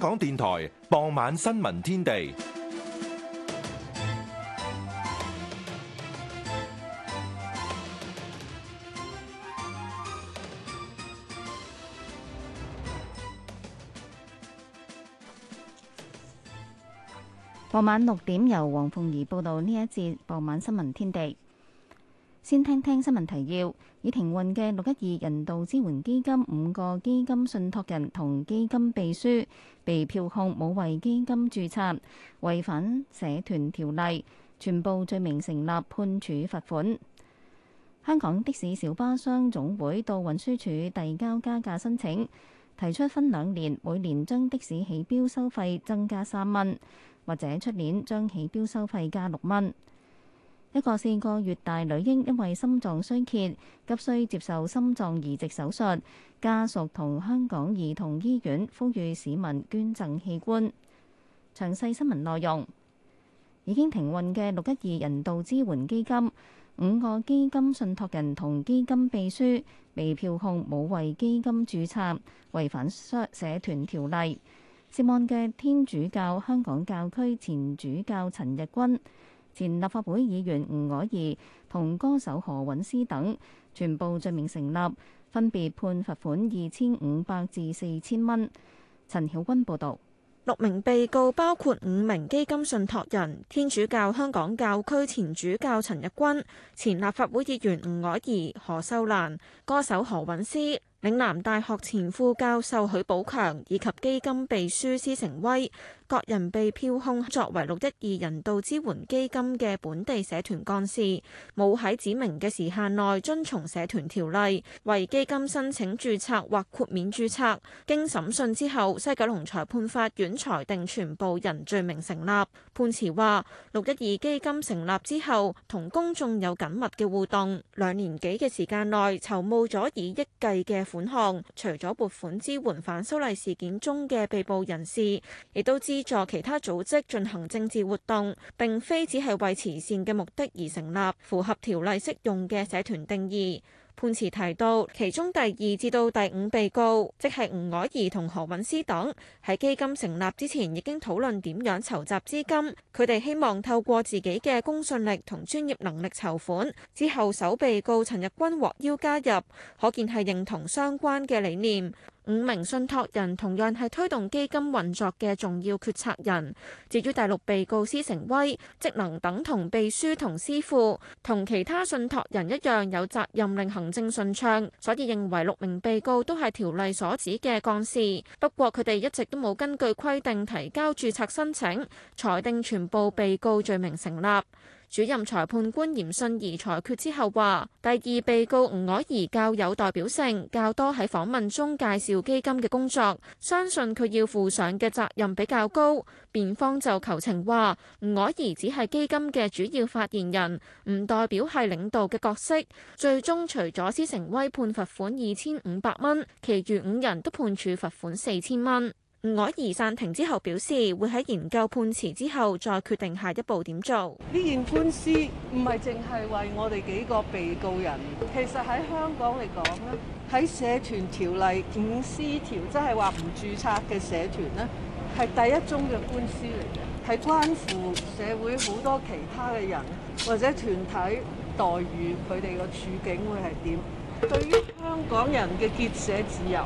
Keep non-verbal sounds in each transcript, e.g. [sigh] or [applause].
港電台傍晚新聞天地。傍晚六點由黃鳳儀報道，呢一節傍晚新聞天地。先聽聽新聞提要。已停運嘅六一二人道支援基金五個基金信託人同基金秘書被票控冇為基金註冊，違反社團條例，全部罪名成立，判處罰款。香港的士小巴商總會到運輸署遞交加價申請，提出分兩年，每年將的士起標收費增加三蚊，或者出年將起標收費加六蚊。一個四個月大女嬰因為心臟衰竭，急需接受心臟移植手術，家屬同香港兒童醫院呼籲市民捐贈器官。詳細新聞內容，已經停運嘅六一二人道支援基金，五個基金信託人同基金秘書被票控冇為基金註冊，違反社團條例。涉案嘅天主教香港教區前主教陳日君。前立法會議員吳藹儀同歌手何韻詩等全部罪名成立，分別判罰款二千五百至四千蚊。陳曉君報導，六名被告包括五名基金信託人、天主教香港教區前主教陳日君、前立法會議員吳藹儀、何秀蘭、歌手何韻詩。嶺南大學前副教授許寶強以及基金秘書施成威，各人被票控作為六一二人道支援基金嘅本地社團幹事，冇喺指明嘅時限內遵從社團條例，為基金申請注冊或豁免注冊。經審訊之後，西九龍裁判法院裁定全部人罪名成立。判詞話，六一二基金成立之後，同公眾有緊密嘅互動，兩年幾嘅時間內籌募咗以億計嘅。款項除咗撥款支援反修例事件中嘅被捕人士，亦都資助其他組織進行政治活動，並非只係為慈善嘅目的而成立，符合條例適用嘅社團定義。判詞提到，其中第二至到第五被告，即係吳靄儀同何韻詩等，喺基金成立之前已經討論點樣籌集資金。佢哋希望透過自己嘅公信力同專業能力籌款。之後，首被告陳日君獲邀加入，可見係認同相關嘅理念。五名信託人同樣係推動基金運作嘅重要決策人。至於第六被告施成威，職能等同秘書同司庫，同其他信託人一樣有責任令行政順暢，所以認為六名被告都係條例所指嘅幹事。不過佢哋一直都冇根據規定提交注冊申請，裁定全部被告罪名成立。主任裁判官嚴信儀裁決之後話，第二被告吳靄儀較有代表性，較多喺訪問中介紹基金嘅工作，相信佢要負上嘅責任比較高。辯方就求情話，吳靄儀只係基金嘅主要發言人，唔代表係領導嘅角色。最終，除咗施成威判罰款二千五百蚊，其餘五人都判處罰款四千蚊。吳靄儀散庭之後表示，會喺研究判詞之後再決定下一步點做。呢件官司唔係淨係為我哋幾個被告人，其實喺香港嚟講咧，喺社團條例五 C 條，即係話唔注冊嘅社團咧，係第一宗嘅官司嚟嘅，係關乎社會好多其他嘅人或者團體待遇，佢哋嘅處境會係點？對於香港人嘅結社自由，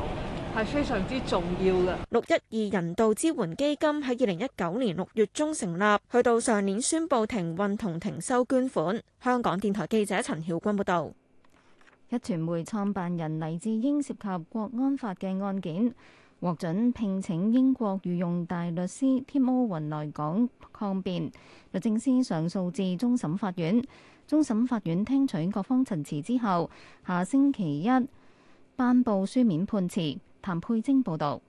係非常之重要嘅。六一二人道支援基金喺二零一九年六月中成立，去到上年宣布停運同停收捐款。香港電台記者陳曉君報導。壹傳媒創辦人黎智英涉及國安法嘅案件，獲准聘請英國御用大律師 Tim Owen 來港抗辯。律政司上訴至終審法院，終審法院聽取各方陳詞之後，下星期一頒布書面判詞。譚佩晶報道。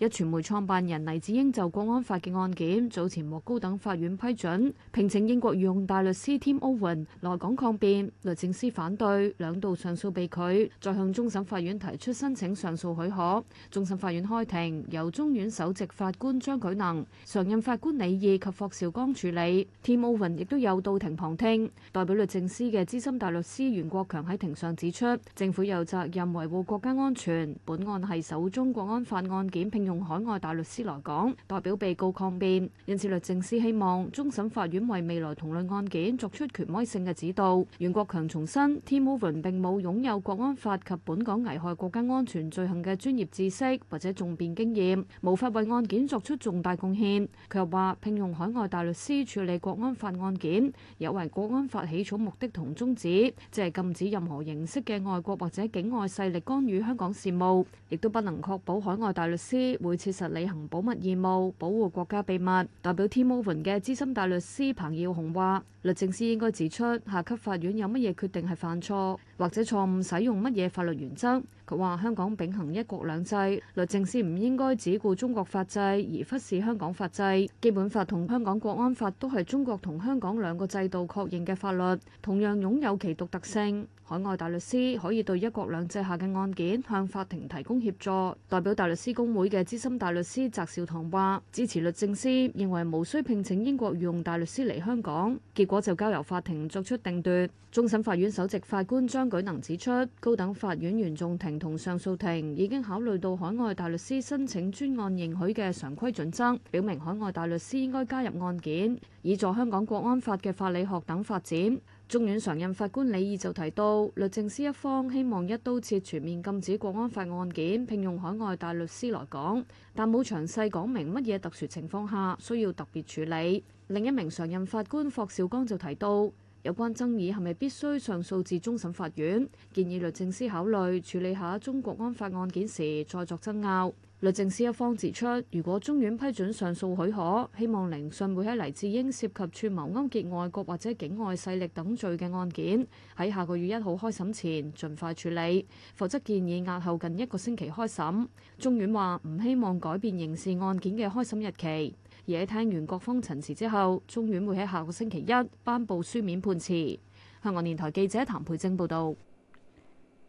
一傳媒創辦人黎智英就國安法嘅案件，早前獲高等法院批准，聘請英國御用大律師 Tim Owen 來港抗辯，律政司反對，兩度上訴被拒，再向終審法院提出申請上訴許可。終審法院開庭，由中院首席法官張舉能、常任法官李義及霍兆剛處理。Tim Owen 亦都有到庭旁聽，代表律政司嘅資深大律師袁國強喺庭上指出，政府有責任維護國家安全，本案係首宗國安法案件聘用海外大律師來講，代表被告抗辯。因此，律政司希望終審法院為未來同類案件作出權威性嘅指導。袁國強重申，Tim Owen 並冇擁有國安法及本港危害國家安全罪行嘅專業知識或者重辯經驗，無法為案件作出重大貢獻。佢又話，聘用海外大律師處理國安法案件，有違國安法起草目的同宗旨，即係禁止任何形式嘅外國或者境外勢力干預香港事務，亦都不能確保海外大律師。會切實履行保密義務，保護國家秘密。代表 T-Mobile 嘅資深大律師彭耀雄話：律政司應該指出下級法院有乜嘢決定係犯錯，或者錯誤使用乜嘢法律原則。佢話：香港秉行一國兩制，律政司唔應該只顧中國法制而忽視香港法制。基本法同香港國安法都係中國同香港兩個制度確認嘅法律，同樣擁有其獨特性。海外大律師可以對一國兩制下嘅案件向法庭提供協助。代表大律師公會嘅資深大律師翟紹唐話：支持律政司認為無需聘請英國御用大律師嚟香港，結果就交由法庭作出定奪。終審法院首席法官張舉能指出，高等法院原訟庭同上訴庭已經考慮到海外大律師申請專案認許嘅常規準則，表明海外大律師應該加入案件，以助香港國安法嘅法理學等發展。終院常任法官李義就提到，律政司一方希望一刀切全面禁止國安法案件聘用海外大律師來港，但冇詳細講明乜嘢特殊情況下需要特別處理。另一名常任法官霍兆剛就提到。有關爭議係咪必須上訴至終審法院？建議律政司考慮處理下中國安法案件時再作爭拗。律政司一方指出，如果中院批准上訴許可，希望聆訊會喺黎智英涉及串謀勾結外國或者境外勢力等罪嘅案件，喺下個月一號開審前盡快處理，否則建議押後近一個星期開審。中院話唔希望改變刑事案件嘅開審日期。而喺聽完各方陳詞之後，中院會喺下個星期一頒佈書面判詞。香港電台記者譚佩晶報道，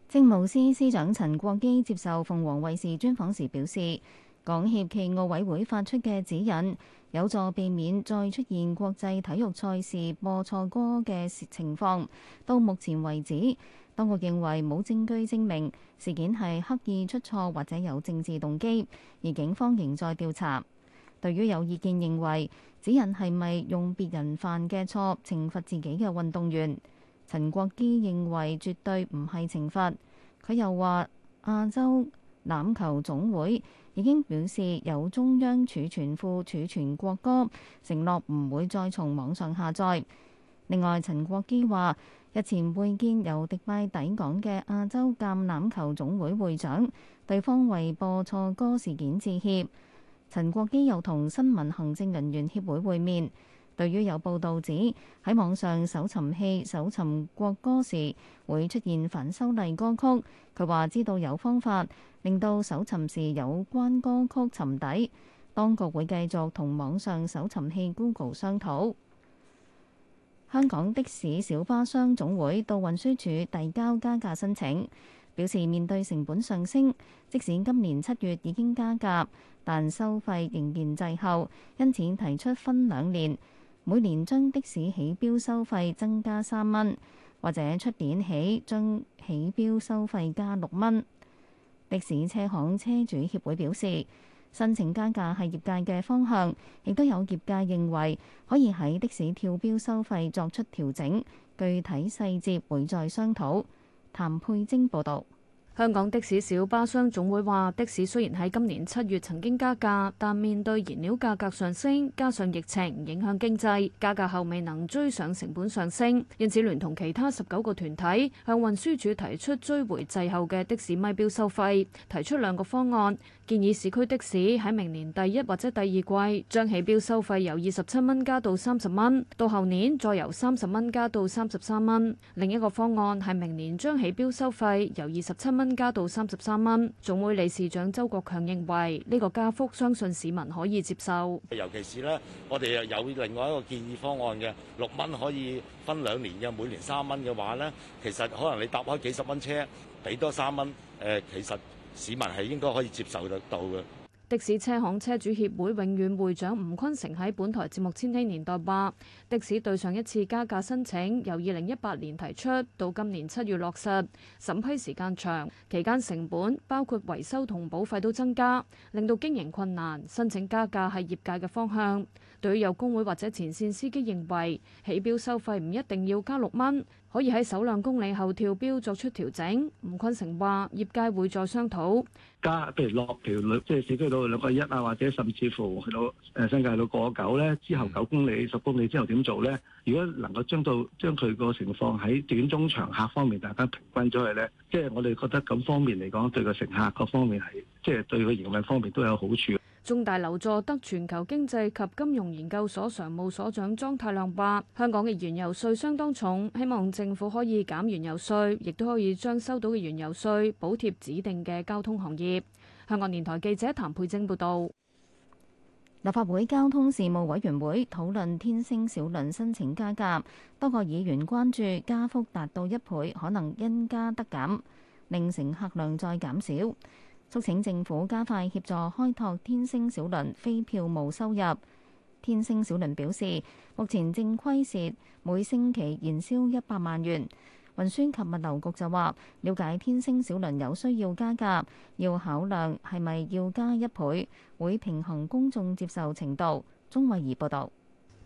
政務司司長陳國基接受鳳凰衛視專訪時表示，港協暨奧委會發出嘅指引有助避免再出現國際體育賽事播錯歌嘅情況。到目前為止，當局認為冇證據證明事件係刻意出錯或者有政治動機，而警方仍在調查。對於有意見認為，指引係咪用別人犯嘅錯懲罰自己嘅運動員？陳國基認為絕對唔係懲罰。佢又話：亞洲欖球總會已經表示由中央儲存庫儲存國歌，承諾唔會再從網上下載。另外，陳國基話：日前會見由迪拜抵港嘅亞洲橄欖球總會會長，對方為播錯歌事件致歉。陳國基又同新聞行政人員協會會面，對於有報導指喺網上搜尋器搜尋國歌時會出現反修例歌曲，佢話知道有方法令到搜尋時有關歌曲沉底，當局會繼續同網上搜尋器 Google 商討。香港的士小巴商總會到運輸署遞交加價申請。表示面對成本上升，即使今年七月已經加價，但收費仍然滯後，因此提出分兩年，每年將的士起標收費增加三蚊，或者出年起將起標收費加六蚊。 [laughs] 的士車行車主協會表示，申請加價係業界嘅方向，亦都有業界認為可以喺的士跳標收費作出調整，具體細節會再商討。譚佩晶報道。香港的士小巴商總會話：的士雖然喺今年七月曾經加價，但面對燃料價格上升，加上疫情影響經濟，加價後未能追上成本上升，因此聯同其他十九個團體向運輸署提出追回滯後嘅的，的士咪標收費，提出兩個方案，建議市區的士喺明年第一或者第二季將起標收費由二十七蚊加到三十蚊，到後年再由三十蚊加到三十三蚊。另一個方案係明年將起標收費由二十七蚊。增加到三十三蚊，總會理事長周國強認為呢個加幅相信市民可以接受。尤其是咧，我哋又有另外一個建議方案嘅六蚊可以分兩年嘅，每年三蚊嘅話咧，其實可能你搭開幾十蚊車，俾多三蚊，誒，其實市民係應該可以接受得到嘅。的士車行車主協會永遠會長吳坤成喺本台節目《千禧年代》話：的士對上一次加價申請由二零一八年提出，到今年七月落實，審批時間長，期間成本包括維修同保費都增加，令到經營困難。申請加價係業界嘅方向。對於有工會或者前線司機認為起錶收費唔一定要加六蚊，可以喺首兩公里後跳標作出調整。吳坤成話：業界會再商討加，譬如落條即係市區到兩個一啊，或者甚至乎去到誒、呃、新界到過九咧。之後九公里、十公里之後點做咧？如果能夠將到將佢個情況喺短、中、長客方面大家平均咗去咧，即係我哋覺得咁方面嚟講對個乘客各方面係，即係對個營運方面都有好處。中大劉佐德全球經濟及金融研究所常務所長莊太量話：香港嘅原油稅相當重，希望政府可以減原油稅，亦都可以將收到嘅原油稅補貼指定嘅交通行業。香港電台記者譚佩晶報道。立法會交通事務委員會討論天星小輪申請加價，多個議員關注加幅達到一倍可能因加得減，令乘客量再減少。促請政府加快協助開拓天星小輪非票務收入。天星小輪表示，目前正虧蝕，每星期燃燒一百萬元。運輸及物流局就話，了解天星小輪有需要加價，要考量係咪要加一倍，會平衡公眾接受程度。鍾慧儀報導。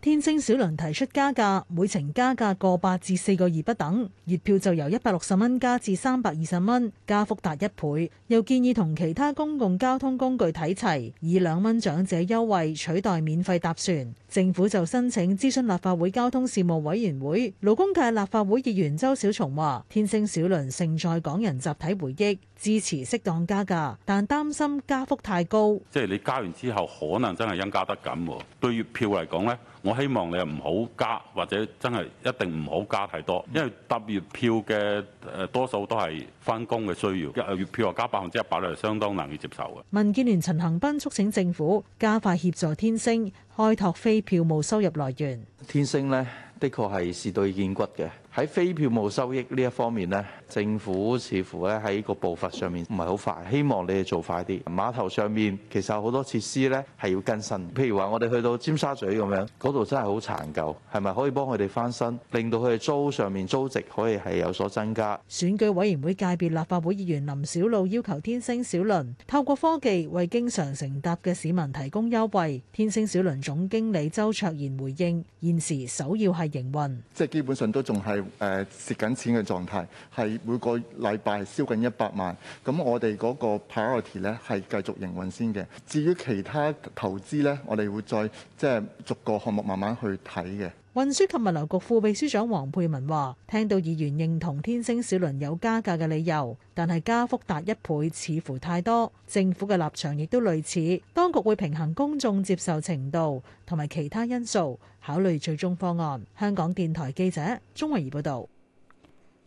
天星小輪提出加價，每程加價過八至四個二不等，月票就由一百六十蚊加至三百二十蚊，加幅達一倍。又建議同其他公共交通工具睇齊，以兩蚊長者優惠取代免費搭船。政府就申請諮詢立法會交通事務委員會。勞工界立法會議員周小松話：，天星小輪承載港人集體回憶。支持適當加價，但擔心加幅太高。即係你加完之後，可能真係因加得減喎。對月票嚟講呢，我希望你係唔好加，或者真係一定唔好加太多，因為搭月票嘅誒、呃、多數都係翻工嘅需要。一月票又加百分之一百咧，相當難以接受嘅。民建聯陳恒斌促請政府加快協助天星開拓非票務收入來源。天星呢，的確係蝕到見骨嘅。喺非票務收益呢一方面咧，政府似乎咧喺個步伐上面唔係好快，希望你哋做快啲。碼頭上面其實有好多設施咧係要更新，譬如話我哋去到尖沙咀咁樣，嗰度真係好殘舊，係咪可以幫佢哋翻新，令到佢哋租上面租值可以係有所增加？選舉委員會界別立法會議員林小露要求天星小輪透過科技為經常乘搭嘅市民提供優惠。天星小輪總經理周卓賢回應，現時首要係營運，即係基本上都仲係。誒，蝕緊錢嘅狀態係每個禮拜燒緊一百萬。咁我哋嗰個 priority 咧，係繼續營運先嘅。至於其他投資咧，我哋會再即係、就是、逐個項目慢慢去睇嘅。運輸及物流局副秘書長黃佩文話：聽到議員認同天星小輪有加價嘅理由，但係加幅達一倍似乎太多。政府嘅立場亦都類似，當局會平衡公眾接受程度同埋其他因素，考慮最終方案。香港電台記者鍾慧儀報道。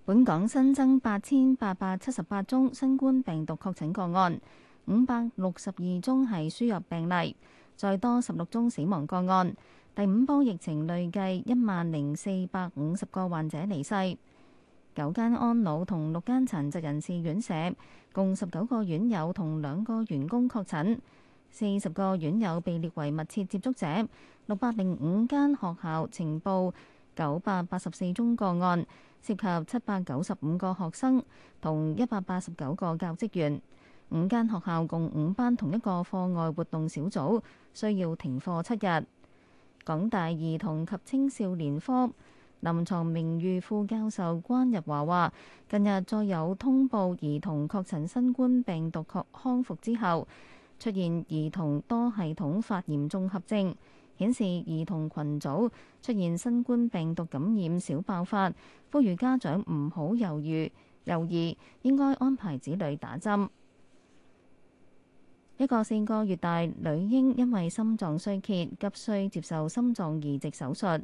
本港新增八千八百七十八宗新冠病毒確診個案，五百六十二宗係輸入病例，再多十六宗死亡個案。第五波疫情累計一萬零四百五十個患者離世，九間安老同六間殘疾人士院舍共十九個院友同兩個員工確診，四十個院友被列為密切接觸者。六百零五間學校呈報九百八十四宗個案，涉及七百九十五個學生同一百八十九個教職員。五間學校共五班同一個課外活動小組需要停課七日。港大兒童及青少年科臨床名譽副教授關日華話，近日再有通報兒童確診新冠病毒確康復之後，出現兒童多系統發炎綜合症，顯示兒童群組出現新冠病毒感染小爆發，呼籲家長唔好猶豫猶豫，應該安排子女打針。一個四個月大女嬰因為心臟衰竭，急需接受心臟移植手術。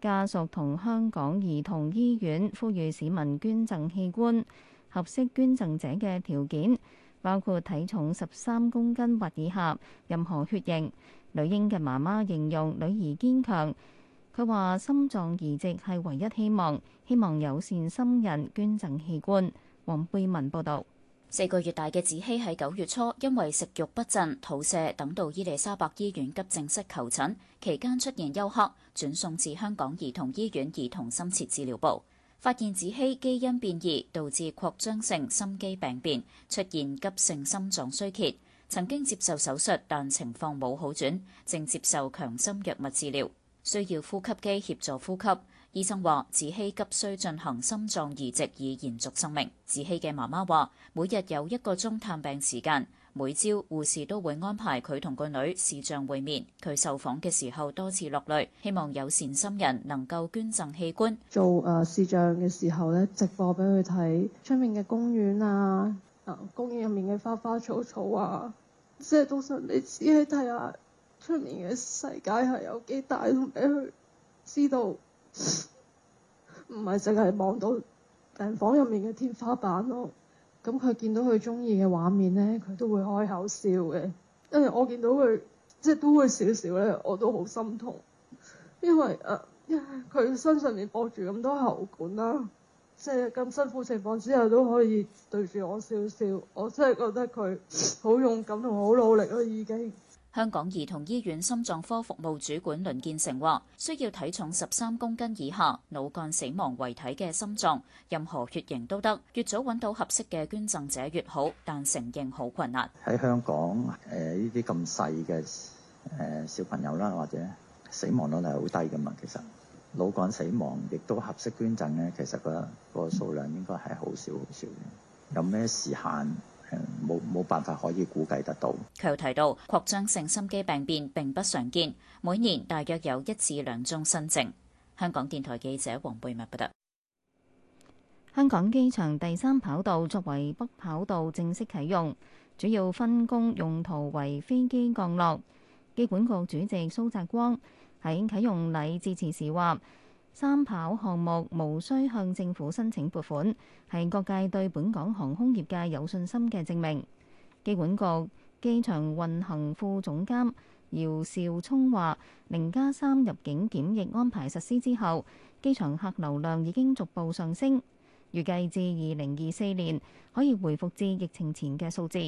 家屬同香港兒童醫院呼籲市民捐贈器官。合適捐贈者嘅條件包括體重十三公斤或以下，任何血型。女嬰嘅媽媽形容女兒堅強。佢話：心臟移植係唯一希望，希望有善心人捐贈器官。黃貝文報道。四個月大嘅子希喺九月初因為食欲不振、肚瀉等到伊麗莎白醫院急症室求診，期間出現休克，轉送至香港兒童醫院兒童深切治療部，發現子希基因變異導致擴張性心肌病變，出現急性心臟衰竭，曾經接受手術，但情況冇好轉，正接受強心藥物治療，需要呼吸機協助呼吸。醫生話：子希急需進行心臟移植以延續生命。子希嘅媽媽話：每日有一個鐘探病時間，每朝護士都會安排佢同個女視像會面。佢受訪嘅時候多次落淚，希望有善心人能夠捐贈器官。做誒視像嘅時候咧，直播俾佢睇出面嘅公園啊，公園入面嘅花花草草啊，即係都想你子希睇下出面嘅世界係有幾大，同俾佢知道。唔係淨係望到病房入面嘅天花板咯，咁佢見到佢中意嘅畫面呢，佢都會開口笑嘅。因為我見到佢，即係都會少少呢，我都好心痛，因為誒，佢、啊、身上面駁住咁多喉管啦，即係咁辛苦情況之下都可以對住我笑笑，我真係覺得佢好勇敢同好努力啦，已經。香港兒童醫院心臟科服務主管林建成話：需要體重十三公斤以下、腦幹死亡遺體嘅心臟，任何血型都得，越早揾到合適嘅捐贈者越好，但承認好困難。喺香港，誒呢啲咁細嘅誒小朋友啦，或者死亡率係好低噶嘛，其實腦幹死亡亦都合適捐贈咧，其實、那個、那個數量應該係好少好少。少有咩時限？冇冇辦法可以估計得到。佢又提到擴張性心肌病變並不常見，每年大約有一至兩宗新症。香港電台記者黃貝密報道，香港機場第三跑道作為北跑道正式啟用，主要分工用途為飛機降落。機管局主席蘇澤光喺啟用禮致辭時話，三跑項目無需向政府申請撥款，係各界對本港航空業界有信心嘅證明。機管局機場運行副總監姚兆聰話，零加三入境檢疫安排實施之後，機場客流量已經逐步上升，預計至二零二四年可以回復至疫情前嘅數字。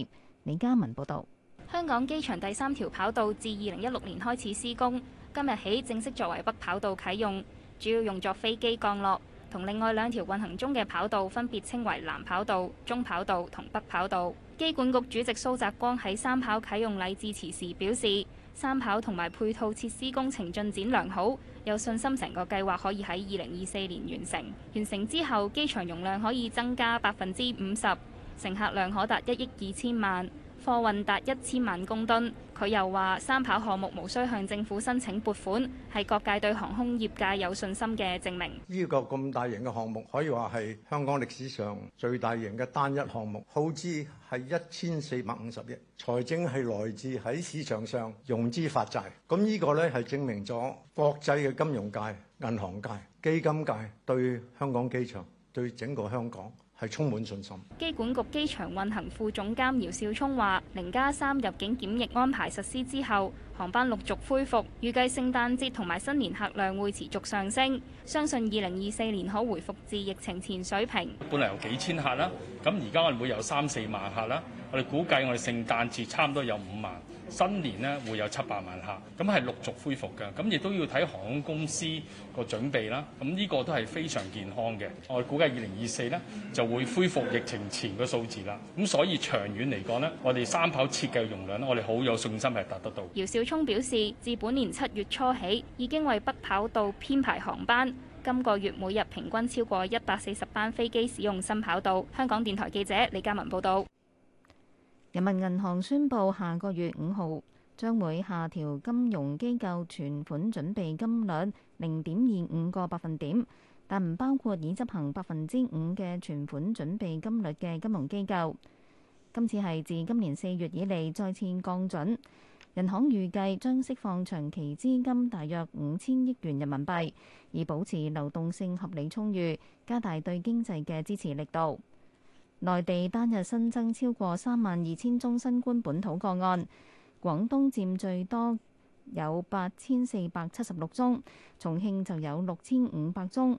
李嘉文報導，香港機場第三條跑道自二零一六年開始施工，今日起正式作為北跑道啟用。主要用作飛機降落，同另外兩條運行中嘅跑道分別稱為南跑道、中跑道同北跑道。機管局主席蘇澤光喺三跑啟用禮致辭時表示，三跑同埋配套設施工程進展良好，有信心成個計劃可以喺二零二四年完成。完成之後，機場容量可以增加百分之五十，乘客量可達一億二千萬，貨運達一千萬公噸。佢又話：三跑項目無需向政府申請撥款，係各界對航空業界有信心嘅證明。呢個咁大型嘅項目，可以話係香港歷史上最大型嘅單一項目，耗資係一千四百五十億，財政係來自喺市場上融資發債。咁呢個咧係證明咗國際嘅金融界、銀行界、基金界對香港機場、對整個香港。係充滿信心。機管局機場運行副總監姚少聰話，零加三入境檢疫安排實施之後，航班陸續恢復，預計聖誕節同埋新年客量會持續上升，相信二零二四年可回復至疫情前水平。本來有幾千客啦，咁而家我哋會有三四萬客啦，我哋估計我哋聖誕節差唔多有五萬。新年咧會有七百萬客，咁係陸續恢復嘅，咁亦都要睇航空公司個準備啦。咁、這、呢個都係非常健康嘅。我估計二零二四呢就會恢復疫情前個數字啦。咁所以長遠嚟講呢，我哋三跑設計容量咧，我哋好有信心係達得到。姚少聰表示，自本年七月初起，已經為北跑道編排航班，今個月每日平均超過一百四十班飛機使用新跑道。香港電台記者李嘉文報道。人民銀行宣布，下個月五號將會下調金融機構存款準備金率零點二五個百分點，但唔包括已執行百分之五嘅存款準備金率嘅金融機構。今次係自今年四月以嚟再次降準，人行預計將釋放長期資金大約五千億元人民幣，以保持流動性合理充裕，加大對經濟嘅支持力度。內地單日新增超過三萬二千宗新冠本土個案，廣東佔最多，有八千四百七十六宗，重慶就有六千五百宗。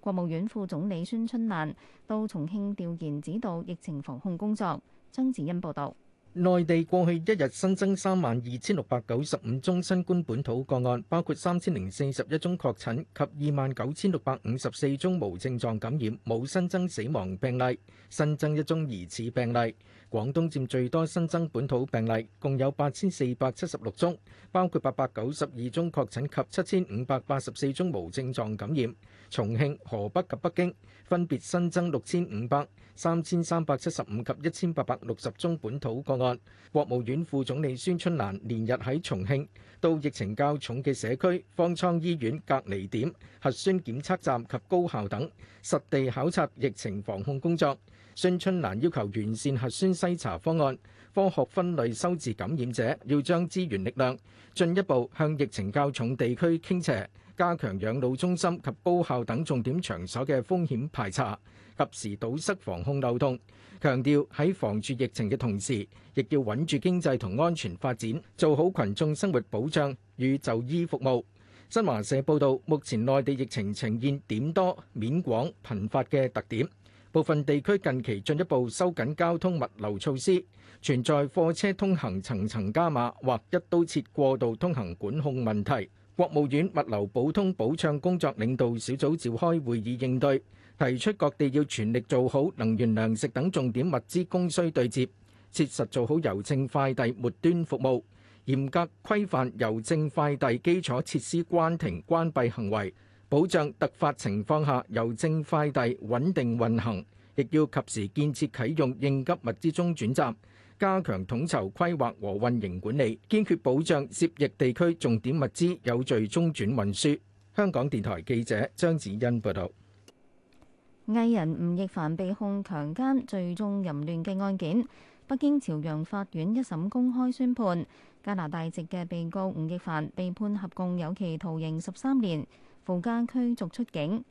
國務院副總理孫春蘭到重慶調研指導疫情防控工作。張子欣報導。內地過去一日新增三萬二千六百九十五宗新冠本土個案，包括三千零四十一宗確診及二萬九千六百五十四宗無症狀感染，冇新增死亡病例，新增一宗疑似病例。廣東佔最多新增本土病例，共有八千四百七十六宗，包括八百九十二宗確診及七千五百八十四宗無症狀感染。重慶、河北及北京分別新增六千五百、三千三百七十五及一千八百六十宗本土個案。國務院副總理孫春蘭連日喺重慶到疫情較重嘅社區、方艙醫院、隔離點、核酸檢測站及高校等，實地考察疫情防控工作。孫春蘭要求完善核酸篩查方案，科學分類收治感染者，要將資源力量進一步向疫情較重地區傾斜，加強養老中心及高校等重點場所嘅風險排查，及時堵塞防控漏洞。強調喺防住疫情嘅同時，亦要穩住經濟同安全發展，做好羣眾生活保障與就醫服務。新華社報導，目前內地疫情呈現點多、面廣、頻發嘅特點。部分地區近期進一步收緊交通物流措施，存在貨車通行層層加碼或一刀切過度通行管控問題，國務院物流保通保暢工作領導小組召開會議應對，提出各地要全力做好能源糧食等重點物資供需對接，切實做好郵政快遞末端服務，嚴格規範郵政快遞基礎設施關停關閉行為。保障突發情況下郵政快遞穩定運行，亦要及時建設啟用應急物資中轉站，加強統籌規劃和運營管理，堅決保障涉疫地區重點物資有序中轉運輸。香港電台記者張子欣報導。藝人吳亦凡被控強姦、罪中淫亂嘅案件，北京朝陽法院一審公開宣判，加拿大籍嘅被告吳亦凡被判合共有期徒刑十三年。附加驅逐出境。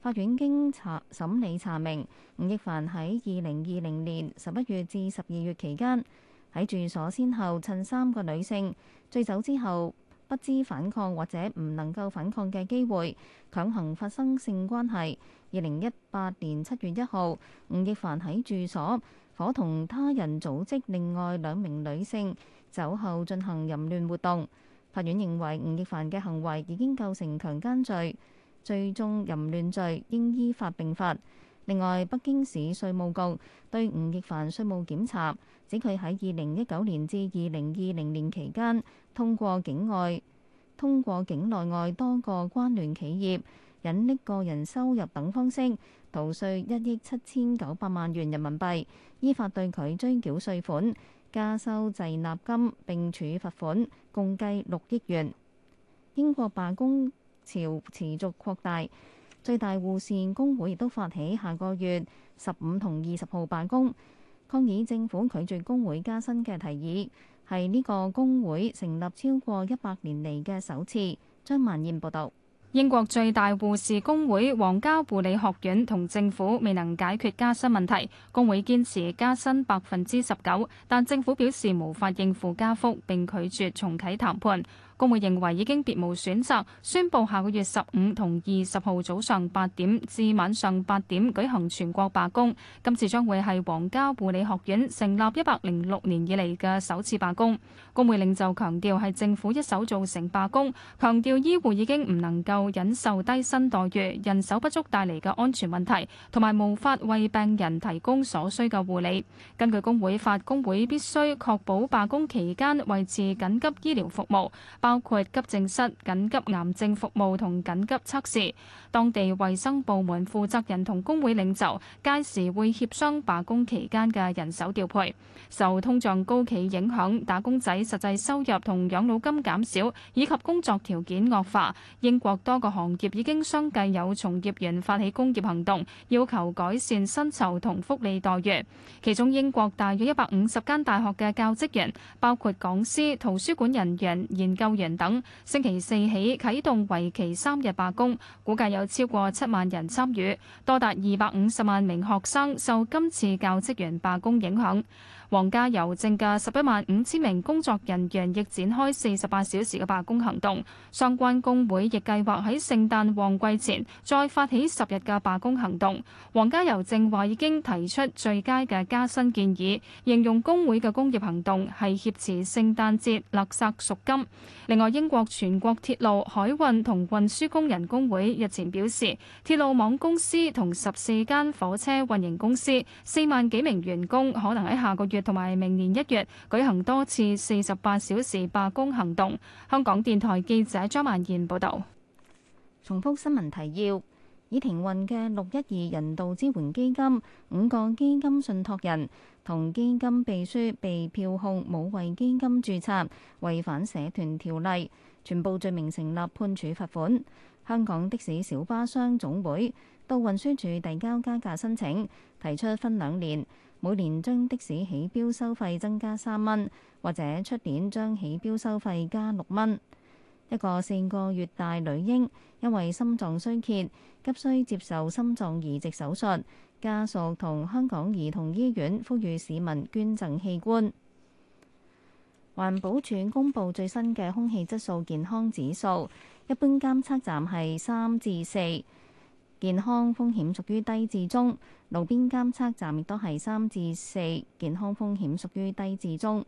法院經查審理查明，吳亦凡喺二零二零年十一月至十二月期間，喺住所先後趁三個女性醉酒之後不知反抗或者唔能夠反抗嘅機會，強行發生性關係。二零一八年七月一號，吳亦凡喺住所伙同他人組織另外兩名女性酒後進行淫亂活動。法院認為吳亦凡嘅行為已經構成強姦罪、聚眾淫亂罪，應依法並罰。另外，北京市稅務局對吳亦凡稅務檢查，指佢喺二零一九年至二零二零年期間，通過境外、通過境內外多個關聯企業，隱匿個人收入等方式逃稅一億七千九百萬元人民幣，依法對佢追繳稅款、加收滯納金並處罰款。共計六億元。英國罷工潮持續擴大，最大護士工會亦都發起下個月十五同二十號罷工，抗議政府拒絕工會加薪嘅提議，係呢個工會成立超過一百年嚟嘅首次。張萬燕報導。英國最大護士工會皇家護理學院同政府未能解決加薪問題，工會堅持加薪百分之十九，但政府表示無法應付加幅，並拒絕重啟談判。工會認為已經別無選擇，宣布下個月十五同二十號早上八點至晚上八點舉行全國罷工。今次將會係皇家護理學院成立一百零六年以嚟嘅首次罷工。工會領袖強調係政府一手造成罷工，強調醫護已經唔能夠忍受低薪待遇、人手不足帶嚟嘅安全問題，同埋無法為病人提供所需嘅護理。根據工會法，工會必須確保罷工期間維持緊急醫療服務。包括急症室、緊急癌症服務同緊急測試。當地衛生部門負責人同工會領袖屆時會協商罷工期間嘅人手調配。受通脹高企影響，打工仔實際收入同養老金減少，以及工作條件惡化。英國多個行業已經相繼有從業員發起工業行動，要求改善薪酬同福利待遇。其中，英國大約一百五十間大學嘅教職員，包括講師、圖書館人員、研究員等星期四起啟動為期三日罷工，估計有超過七萬人參與，多達二百五十萬名學生受今次教職員罷工影響。皇家郵政嘅十一萬五千名工作人員亦展開四十八小時嘅罷工行動，相關工會亦計劃喺聖誕旺季前再發起十日嘅罷工行動。皇家郵政話已經提出最佳嘅加薪建議，形容工會嘅工業行動係挾持聖誕節勒索贖金。另外，英國全國鐵路海運同運輸工人工會日前表示，鐵路網公司同十四間火車運營公司四萬幾名員工可能喺下個月，同埋明年一月舉行多次四十八小時罷工行動。香港電台記者張曼燕報導。重複新聞提要：已停運嘅六一二人道支援基金五個基金信託人同基金秘書被票控，冇為基金註冊，違反社團條例，全部罪名成立，判處罰款。香港的士小巴商總會到運輸署遞交加價申請，提出分兩年，每年將的士起標收費增加三蚊，或者出年將起標收費加六蚊。一個四個月大女嬰因為心臟衰竭，急需接受心臟移植手術，家屬同香港兒童醫院呼籲市民捐贈器官。環保署公布最新嘅空氣質素健康指數，一般監測站係三至四。健康風險屬於低至中，路邊監測站亦都係三至四。健康風險屬於低至中。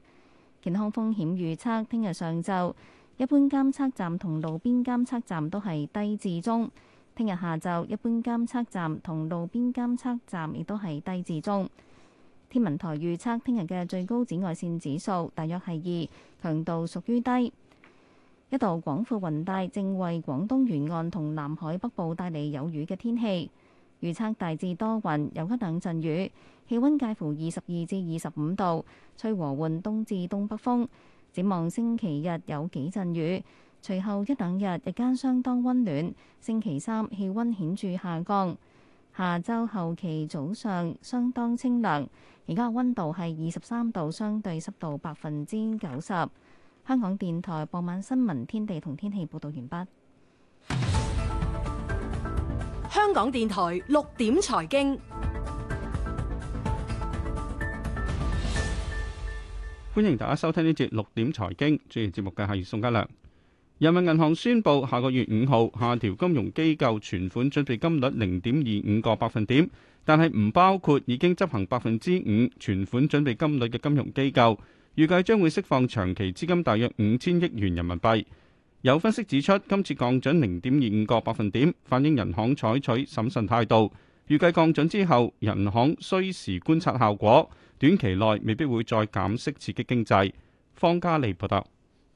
健康風險預測聽日上晝，一般監測站同路邊監測站都係低至中。聽日下晝，一般監測站同路邊監測站亦都係低至中。天文台預測聽日嘅最高紫外線指數大約係二，強度屬於低。一道廣闊雲帶正為廣東沿岸同南海北部帶嚟有雨嘅天氣，預測大致多雲，有一兩陣雨，氣温介乎二十二至二十五度，吹和緩東至東北風。展望星期日有幾陣雨，隨後一兩日日間相當温暖，星期三氣温顯著下降，下周後期早上相當清涼。而家嘅温度係二十三度，相對濕度百分之九十。香港電台傍晚新聞天地同天氣報道完畢。香港電台六點財經，歡迎大家收聽呢節六點財經。主持節目嘅係宋家良。人民銀行宣布下個月五號下調金融機構存款準備金率零點二五個百分點，但係唔包括已經執行百分之五存款準備金率嘅金融機構。預計將會釋放長期資金大約五千億元人民幣。有分析指出，今次降準零點二五個百分點，反映人行採取審慎態度。預計降準之後，人行需時觀察效果，短期內未必會再減息刺激經濟。方家利報道。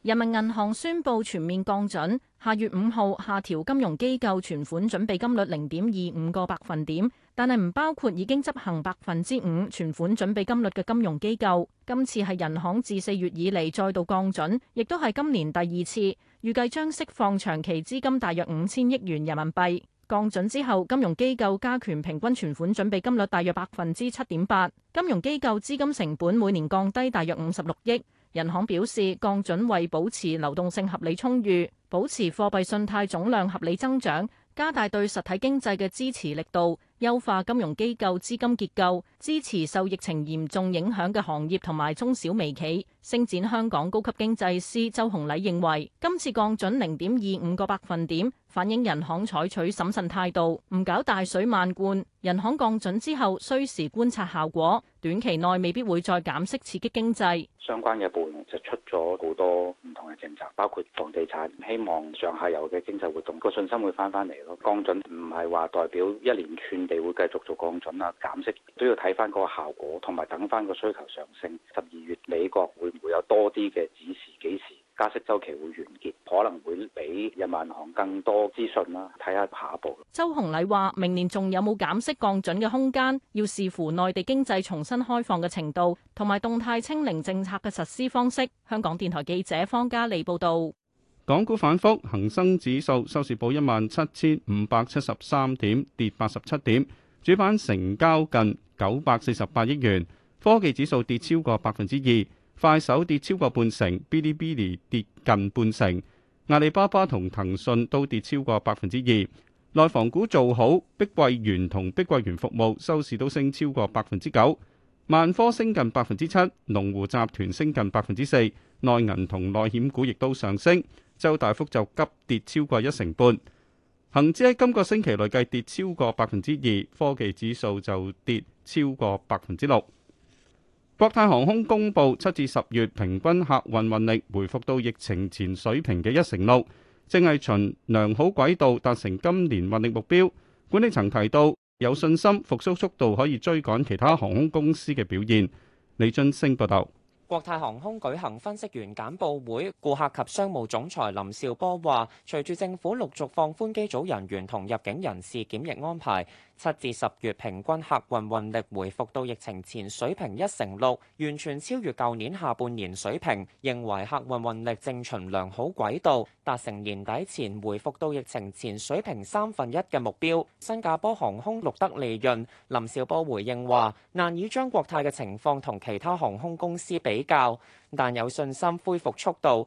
人民銀行宣布全面降準，下月五號下調金融機構存款準備金率零點二五個百分點，但係唔包括已經執行百分之五存款準備金率嘅金融機構。今次係人行自四月以嚟再度降準，亦都係今年第二次，預計將釋放長期資金大約五千億元人民幣。降準之後，金融機構加權平均存款準備金率大約百分之七點八，金融機構資金成本每年降低大約五十六億。人行表示降準為保持流動性合理充裕，保持貨幣信貸總量合理增長，加大對實體經濟嘅支持力度。優化金融機構資金結構，支持受疫情嚴重影響嘅行業同埋中小微企。星展香港高級經濟師周紅禮認為，今次降準零點二五個百分點，反映人行採取審慎態度，唔搞大水漫灌。人行降準之後，需時觀察效果，短期內未必會再減息刺激經濟。相關嘅部門就出咗好多唔同嘅政策，包括房地產，希望上下游嘅經濟活動個信心會翻翻嚟咯。降準唔係話代表一連串。你會繼續做降準啊，減息都要睇翻嗰個效果，同埋等翻個需求上升。十二月美國會唔會有多啲嘅指示？幾時加息週期會完結？可能會俾人民銀行更多資訊啦，睇下下一步。周洪禮話：明年仲有冇減息降準嘅空間？要視乎內地經濟重新開放嘅程度，同埋動態清零政策嘅實施方式。香港電台記者方嘉利報道。港股反覆，恒生指數收市報一萬七千五百七十三點，跌八十七點，主板成交近九百四十八億元。科技指數跌超過百分之二，快手跌超過半成，Bilibili 跌近半成，阿里巴巴同騰訊都跌超過百分之二。內房股做好，碧桂園同碧桂園服務收市都升超過百分之九，萬科升近百分之七，龍湖集團升近百分之四，內銀同內險股亦都上升。周大福就急跌超過一成半，恒指喺今個星期內計跌超過百分之二，科技指數就跌超過百分之六。國泰航空公布七至十月平均客運運力回復到疫情前水平嘅一成六，正係循良好軌道達成今年運力目標。管理層提到有信心復蘇速度可以追趕其他航空公司嘅表現，李俊升報道。國泰航空舉行分析員簡報會，顧客及商務總裁林兆波話：隨住政府陸續放寬機組人員同入境人士檢疫安排。七至十月平均客運運力回復到疫情前水平一成六，完全超越舊年下半年水平，認為客運運力正循良好軌道，達成年底前回復到疫情前水平三分一嘅目標。新加坡航空錄得利潤，林兆波回應話：難以將國泰嘅情況同其他航空公司比較，但有信心恢復速度。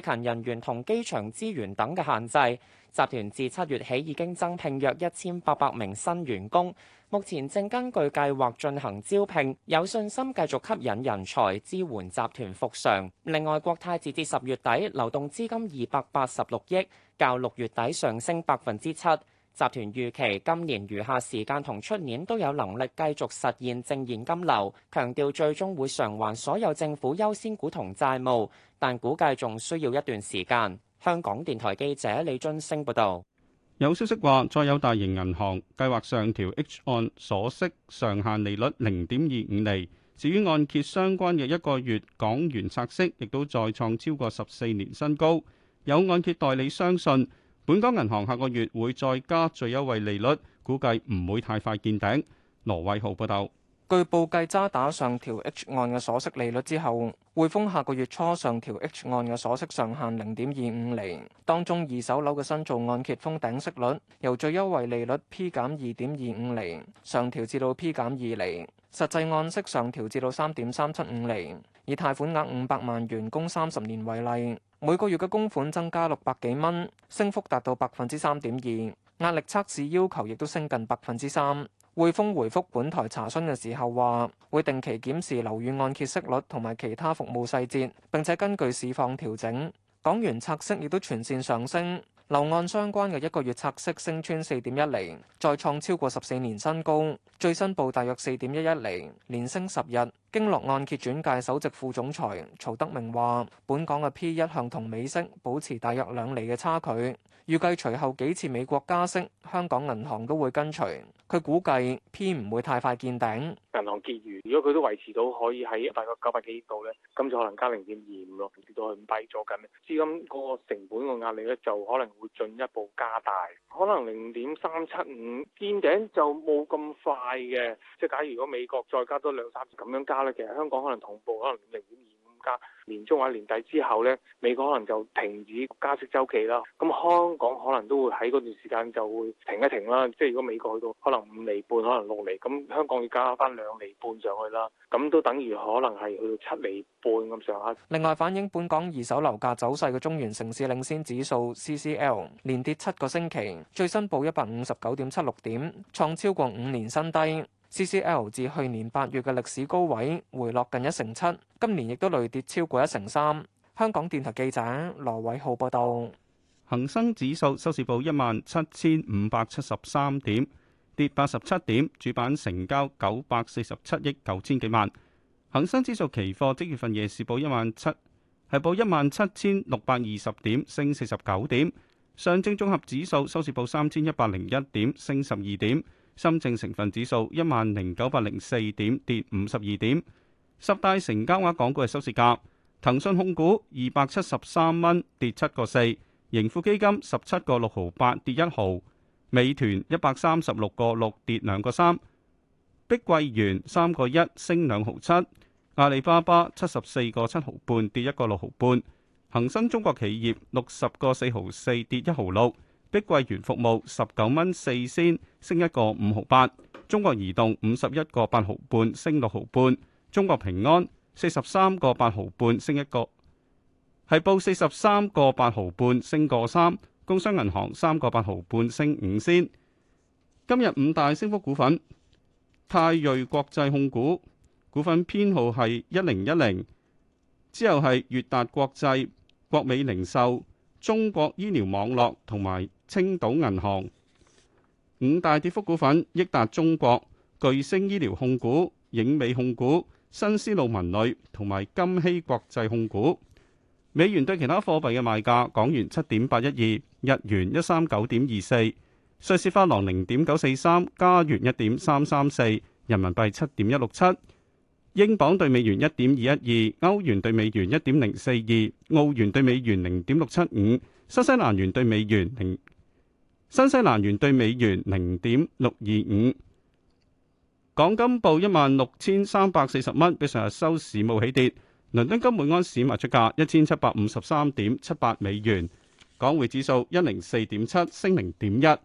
地勤人員同機場資源等嘅限制，集團自七月起已經增聘約一千八百名新員工，目前正根據計劃進行招聘，有信心繼續吸引人才支援集團復常。另外，國泰截至十月底流動資金二百八十六億，較六月底上升百分之七。集團預期今年餘下時間同出年都有能力繼續實現正現金流，強調最終會償還所有政府優先股同債務，但估計仲需要一段時間。香港電台記者李津升報導。有消息話，再有大型銀行計劃上調 H 按鎖息上限利率零點二五厘。至於按揭相關嘅一個月港元拆息，亦都再創超過十四年新高。有按揭代理相信，本港銀行下個月會再加最優惠利率，估計唔會太快見頂。羅偉浩報道。據報，繼渣打上調 H 案嘅鎖息利率之後，匯豐下個月初上調 H 案嘅鎖息上限零點二五厘。當中二手樓嘅新造按揭封頂息率由最優惠利率 P 減二點二五厘上調至到 P 減二厘，實際按息上調至到三點三七五厘。以貸款額五百萬元供三十年為例，每個月嘅供款增加六百幾蚊，升幅達到百分之三點二，壓力測試要求亦都升近百分之三。匯豐回覆本台查詢嘅時候話，會定期檢視樓宇按揭息率同埋其他服務細節，並且根據市況調整。港元拆息亦都全線上升，樓按相關嘅一個月拆息升穿四點一厘，再創超過十四年新高，最新報大約四點一一厘，連升十日。經絡按揭轉介首席副總裁曹德明話，本港嘅 P 一向同美息保持大約兩厘嘅差距。預計隨後幾次美國加息，香港銀行都會跟隨。佢估計偏唔會太快見頂。銀行結餘，如果佢都維持到可以喺大概九百幾度咧，咁就可能加零點二五咯，跌到去低咗緊，資金嗰個成本個壓力咧就可能會進一步加大。可能零點三七五見頂就冇咁快嘅。即係假如如果美國再加多兩三次咁樣加咧，其實香港可能同步可能零點二。加年中或者年底之後咧，美國可能就停止加息週期啦。咁香港可能都會喺嗰段時間就會停一停啦。即係如果美國去到可能五厘半，可能六厘，咁香港要加翻兩厘半上去啦。咁都等於可能係去到七厘半咁上下。另外反映本港二手樓價走勢嘅中原城市領先指數 （CCL） 連跌七個星期，最新報一百五十九點七六點，創超過五年新低。CCL 至去年八月嘅歷史高位回落近一成七，今年亦都累跌超過一成三。香港電台記者羅偉浩報道。恒生指數收市報一萬七千五百七十三點，跌八十七點，主板成交九百四十七億九千幾萬。恒生指數期貨即月份夜市報一萬七，係報一萬七千六百二十點，升四十九點。上證綜合指數收市報三千一百零一點，升十二點。深證成分指數一萬零九百零四點，跌五十二點。十大成交額港股嘅收市價：騰訊控股二百七十三蚊，跌七個四；盈富基金十七個六毫八，跌一毫；美團一百三十六個六，跌兩個三；碧桂園三個一，升兩毫七；阿里巴巴七十四個七毫半，跌一個六毫半；恒生中國企業六十個四毫四，跌一毫六。碧桂園服務十九蚊四仙，04, 升一個五毫八；中國移動五十一個八毫半，05, 升六毫半；中國平安四十三個八毫半，05, 升一個，係報四十三個八毫半，升個三；工商銀行三個八毫半，05, 升五仙。今日五大升幅股份：泰瑞國際控股股份編號係一零一零，之後係越達國際、國美零售、中國醫療網絡同埋。青島銀行五大跌幅股份：益達中國、巨星醫療控股、影美控股、新思路文旅同埋金禧國際控股。美元對其他貨幣嘅賣價：港元七點八一二，日元一三九點二四，瑞士法郎零點九四三，加元一點三三四，人民幣七點一六七，英鎊對美元一點二一二，歐元對美元一點零四二，澳元對美元零點六七五，新西蘭元對美元零。新西蘭元對美元零點六二五，港金報一萬六千三百四十蚊，比上日收市冇起跌。倫敦金每安士賣出價一千七百五十三點七八美元，港匯指數一零四點七升零點一。